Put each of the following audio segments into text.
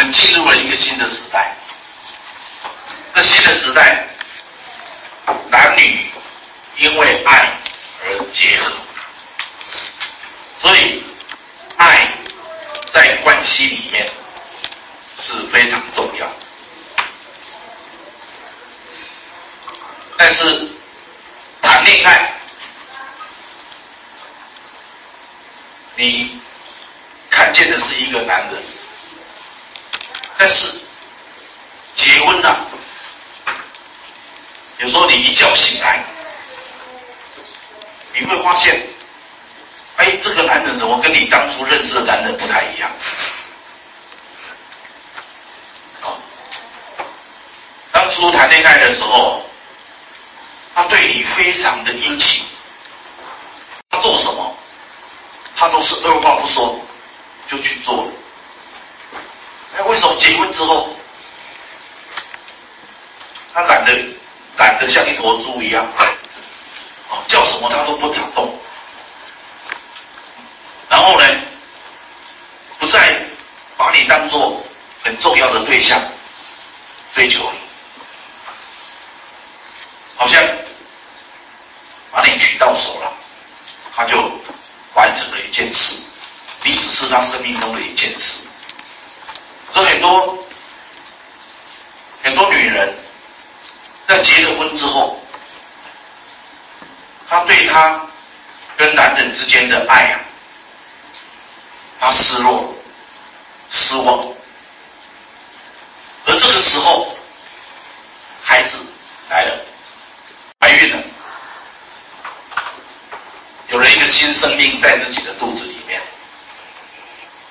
我們進入了一個新的時代。這新的時代，男女因為愛而結合，所以愛在關係裡面是非常重要。但是談戀愛，你看見的是一個男人。說你一覺醒來，你會發現，哎，這個男人怎麼跟你當初認識的男人不太一樣？當初談戀愛的時候，他對你非常的殷勤，他做什麼，他都是二話不說就去做。那為什麼結婚之後，他懶得？懶得像一頭豬一樣，哦，叫什麼他都不想動。然後呢，不再把你當做很重要的對象追求你，好像把你娶到手了，他就完成了一件事，你只是他生命中的一件事。所以很多。結了婚之後，她對她跟男人之間的愛啊，她失落、失望，而這個時候，孩子來了，懷孕了，有了一個新生命在自己的肚子裡面，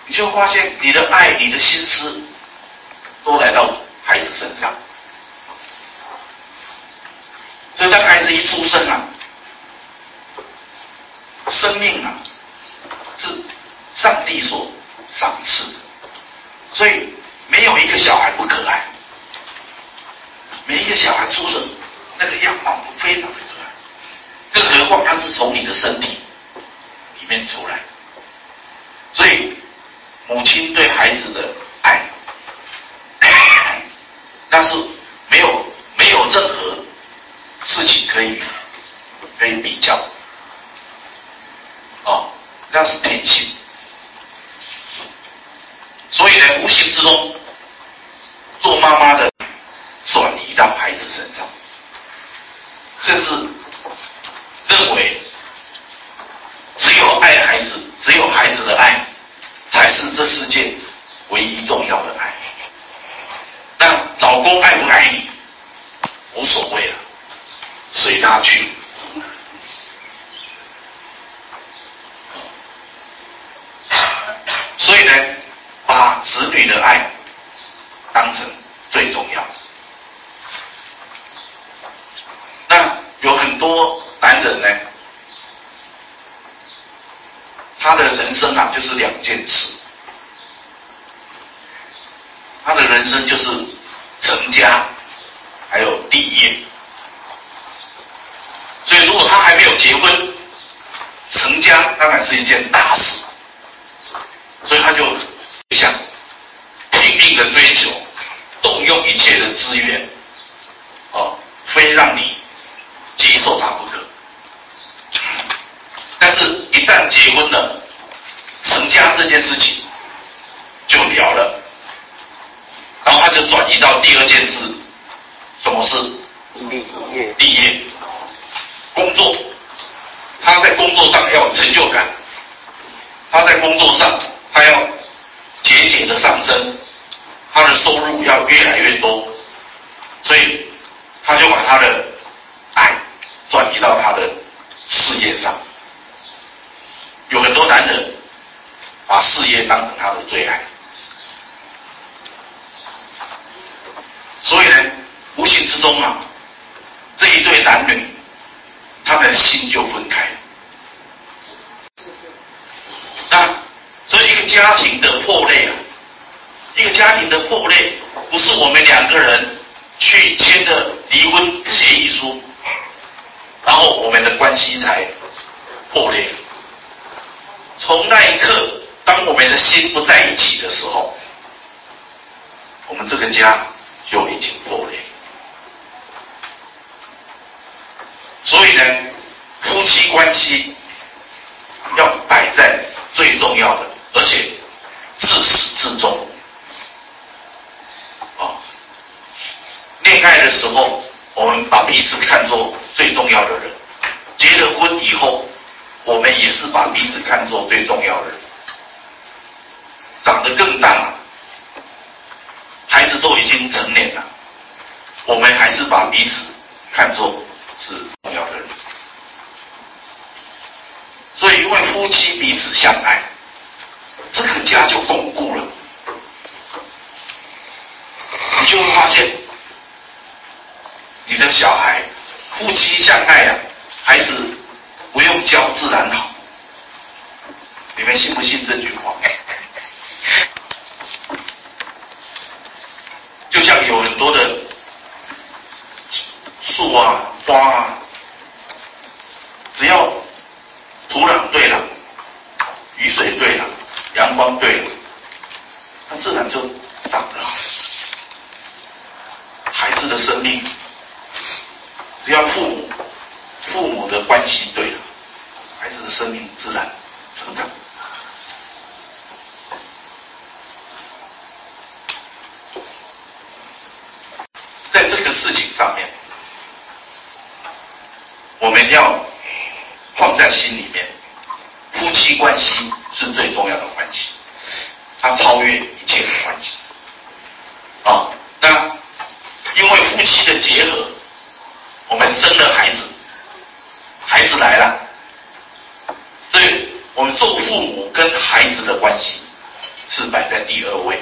你就發現你的愛、你的心思都來到孩子身上。這一出生啊，生命啊是上帝所賞賜的，所以沒有一個小孩不可愛，每一個小孩出生那個樣貌都非常的可愛，更何況他是從你的身體裡面出來，所以母親對孩子的。拿去。 所以呢，把子女的愛當成最重要。那有很多男人呢，他的人生啊，就是兩件事，他的人生就是成家。結婚成家當然是一件大事，所以他就想拼命的追求，動用一切的資源，哦，非讓你接受他不可。但是，一旦結婚了，成家這件事情就了了，然後他就轉移到第二件事，什麼事？立業，立業，工作。工作上要有成就感，他在工作上，他要節節地上升，他的收入要越來越多，所以他就把他的愛轉移到他的事業上。有很多男人把事業當成他的最愛。的破裂不是我們兩個人去簽的離婚協議書，然後我們的關係才破裂。從那一刻，當我們的心不在一起的時候，我們這個家就已經破裂。所以呢，夫妻關係。的時候，我們把彼此看作最重要的人。結了婚以後，我們也是把彼此看作最重要的人。長得更大，孩子都已經成年了，我們還是把彼此看作是重要的人。所以，因為夫妻彼此相愛。相愛呀，孩子不用教，自然好。你們信不信這句話？就像有很多的樹啊、花啊，只要土壤對了、雨水對了、陽光對了，它自然就長得好。孩子的生命，只要父。跟孩子的關係是擺在第二位。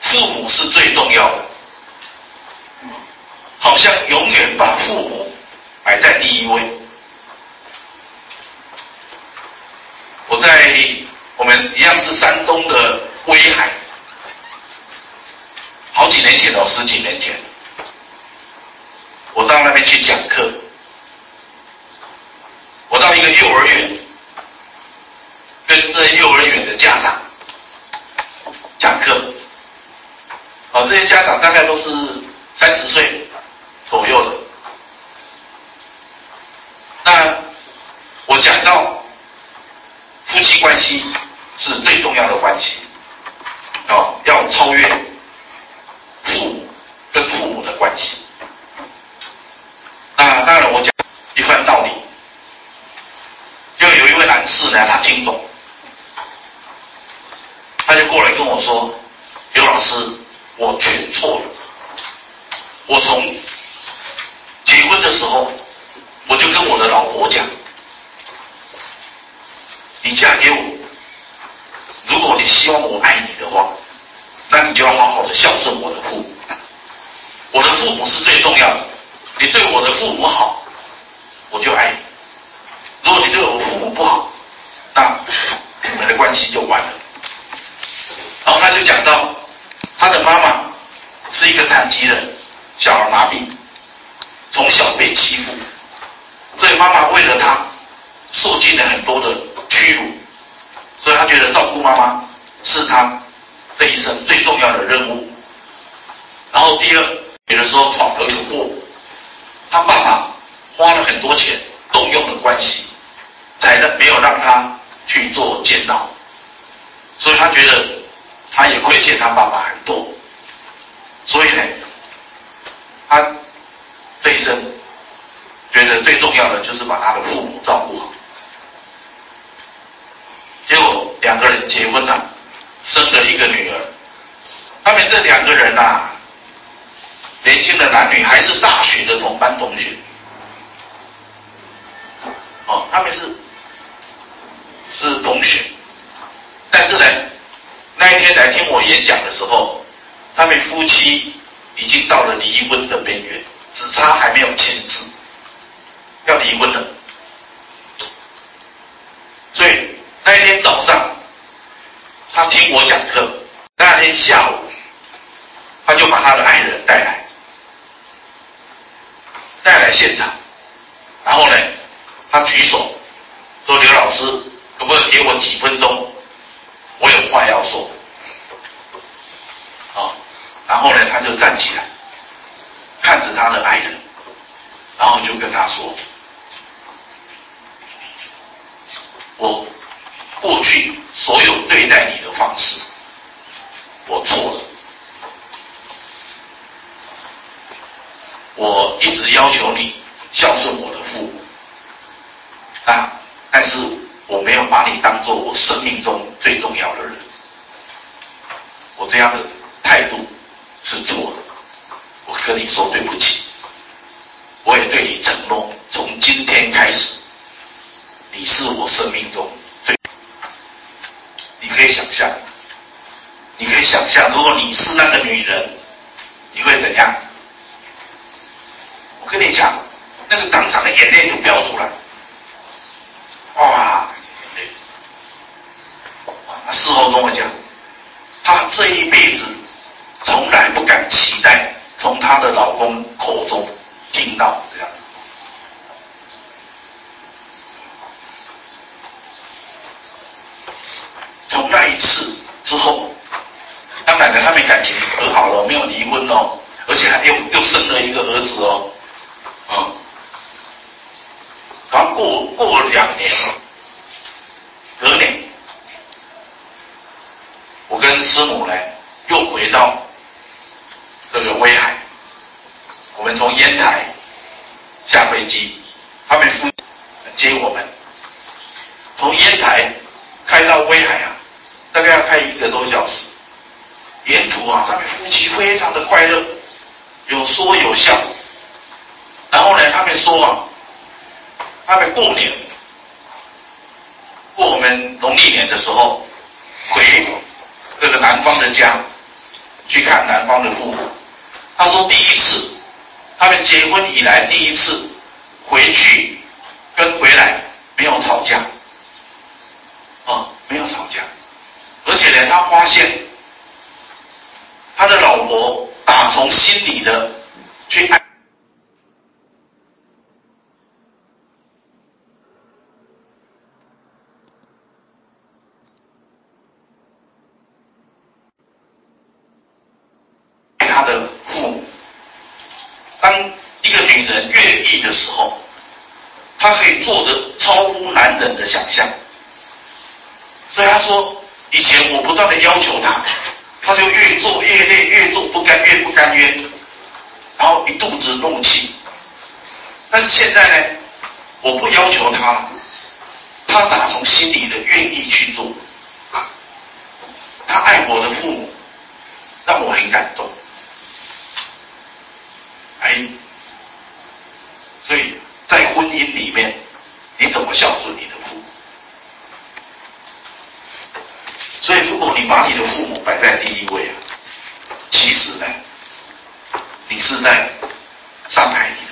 父母是最重要的，好像永遠把父母擺在第一位。最重要的關係啊，哦，要超越父母跟父母的關係。那當然，我講一番道理，就有一位男士呢，他聽懂，他就過來跟我說：“劉老師，我全錯了，我從結婚的時候，我就跟我的老婆講，你嫁給我。”你希望我愛你的話，那你就要好好的孝順我的父母。我的父母是最重要的，你對我的父母好，我就愛你。如果你對我父母不好，那你們的關係就完了。然後他就講到，他的媽媽是一個殘疾人，小兒麻痹，從小被欺負，所以媽媽為了他受盡了很多的屈辱，所以他覺得照顧媽媽。是他這一生最重要的任務。然後第二，比如說闖了點禍，他爸爸花了很多錢，動用了關係，才能沒有讓他去做監牢，所以他覺得他也虧欠他爸爸很多。所以呢，他這一生覺得最重要的就是把他的父母照顧好。結果兩個人結婚了。生了一個女兒，他們這兩個人吶、啊，年輕的男女還是大學的同班同學，哦，他們是是同學，但是呢，那一天來聽我演講的時候，他們夫妻已經到了離婚的邊緣，只差還沒有簽字，要離婚了。聽我講課，那天下午，他就把他的愛人帶來，帶來現場，然後呢，他舉手說：“劉老師，可不可以給我幾分鐘？我有話要說。”啊，然後呢，他就站起來，看着他的愛人，然後就跟他說：“我過去所有對待你的。”方式，我錯了，我一直要求你孝順我的父母啊，但是我沒有把你當做我生命中最重要的人，我這樣的態度是錯的，我跟你說對不起，我也對你承諾，從今天開始，你是我生命中。你可以想象，如果你是那個女人，你會怎樣？我跟你講，那個當場的眼淚就飆出來，哇！她事後跟我講，她這一輩子從來不敢期待從她的老公口中聽到。從煙台下飛機，他們夫妻接我們，從煙台開到威海啊，大概要開一個多小時。沿途啊，他們夫妻非常的快樂，有說有笑。然後呢，他們說啊，他們過年過我們農曆年的時候，回這個南方的家去看南方的父母。他說第一次。他們結婚以來第一次回去跟回來沒有吵架，啊、哦，沒有吵架，而且呢，他發現他的老婆打從心裡的去愛。一個女人願意的時候，她可以做的超乎男人的想象。所以她說，以前我不斷的要求她，她就越做越累，越做不甘，越不甘願，然後一肚子怒氣。但是現在呢，我不要求她了，她打從心裡的願意去做。她愛我的父母，讓我很感動。哎。所以在婚姻裡面，你怎麼孝順你的父母？所以如果你把你的父母擺在第一位啊，其實呢，你是在傷害你。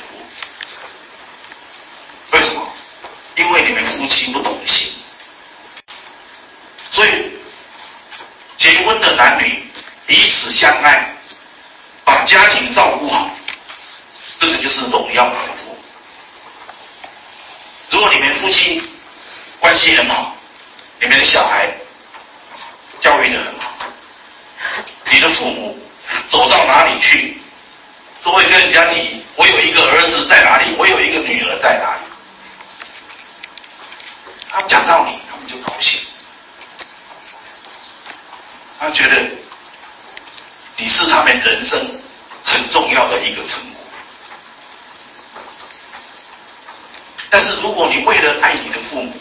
愛你的父母，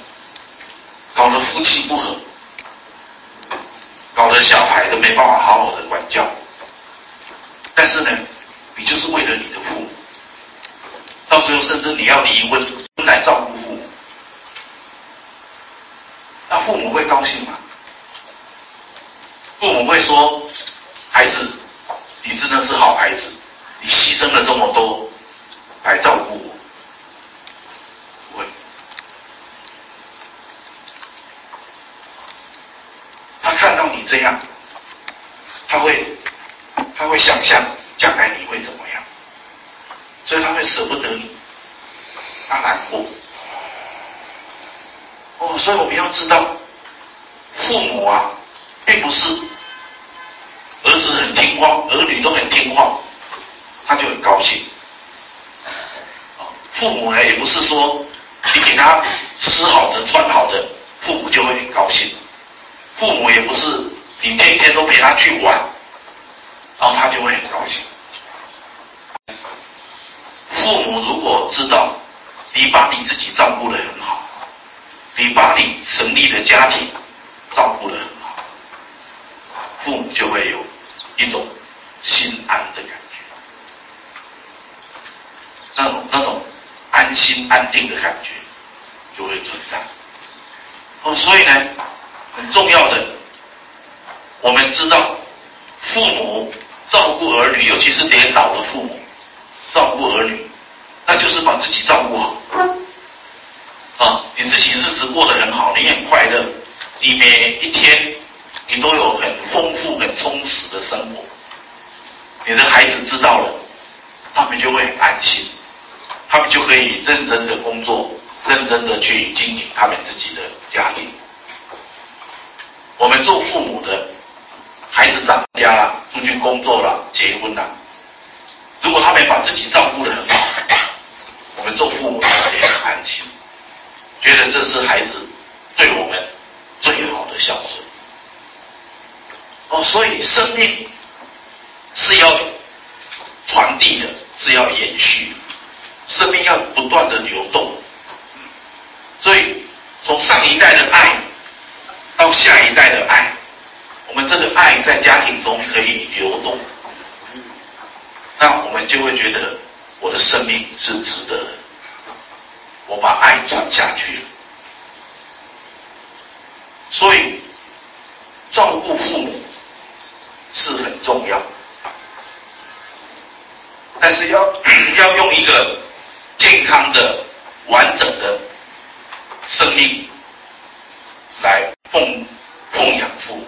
搞得夫妻不和，搞得小孩都沒辦法好好的管教。但是呢，你就是為了你的父母，到時候甚至你要離婚，來照顧父母，那父母會高興嗎？父母會說：“孩子，你真的是好孩子，你犧牲了這麼多。”父母呢，也不是說你給他吃好的、穿好的，父母就會很高興；父母也不是你天天都陪他去玩，然後他就會很高興。父母如果知道你把你自己照顧得很好，你把你成立的家庭照顧得很好，父母就會有。安定的感覺就會存在。哦，所以呢，很重要的，我們知道，父母照顧兒女，尤其是年老的父母照顧兒女，那就是把自己照顧好。啊，你自己日子過得很好，你很快樂，你每一天你都有很豐富、很充實的生活。你的孩子知道了，他們就會很安心。他們就可以認真的工作，認真的去經營他們自己的家庭。我們做父母的，孩子長家了、啊，出去工作了、啊，結婚了、啊。如果他們把自己照顧得很好，我們做父母的也很安心，覺得這是孩子對我們最好的孝順。哦，所以生命是要傳遞的，是要延續的。生命要不斷的流動，所以從上一代的愛到下一代的愛，我們這個愛在家庭中可以流動，那我們就會覺得我的生命是值得的，我把愛傳下去了。所以照顧父母是很重要，但是要要用一個健康的、的完整的生命來奉奉養父母，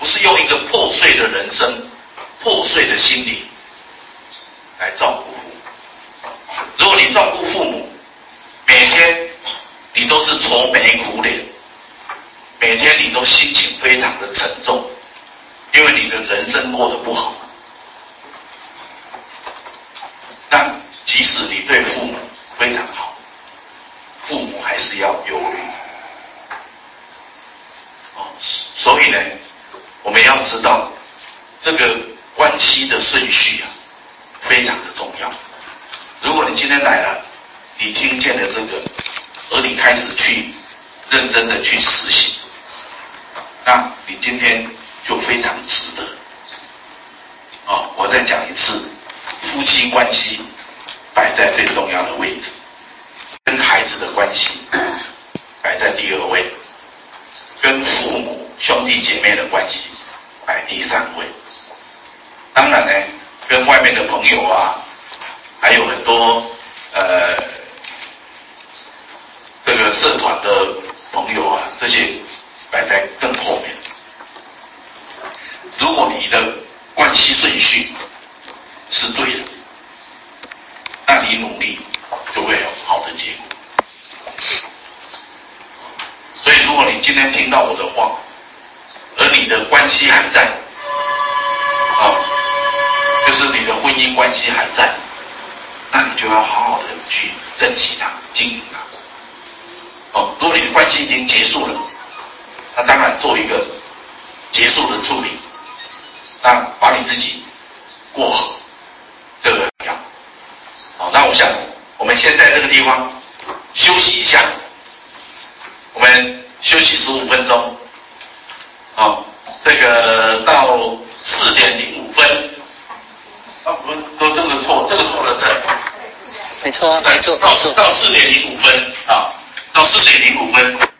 不是用一個破碎的人生、破碎的心靈來照顧父母。如果你照顧父母，每天你都是愁眉苦臉，每天你都心情非常的沉重，因為你的人生過得不好，去實行，那你今天就非常值得哦！我再講一次，夫妻關係擺在最重要的位置，跟孩子的關係擺在第二位，跟父母兄弟姐妹的關係擺第三位。當然呢，跟外面的朋友啊，還有很多呃，這個社團的。朋友啊，這些擺在更後面。如果你的關係順序是對的，那你努力就會有好的結果。所以，如果你今天聽到我的話，而你的關係還在，啊，就是你的婚姻關係還在，那你就要好好的去珍惜它，經營它。說你的關係已經結束了，那當然做一個結束的處理，那把你自己過好，這個樣。好，那我想我們先在這個地方休息一下，我們休息十五分鐘。好、啊，這個到四點零五分，啊，我們都這個錯，這個錯了這，沒錯，到沒錯，到到四點零五分啊。到四點零五分。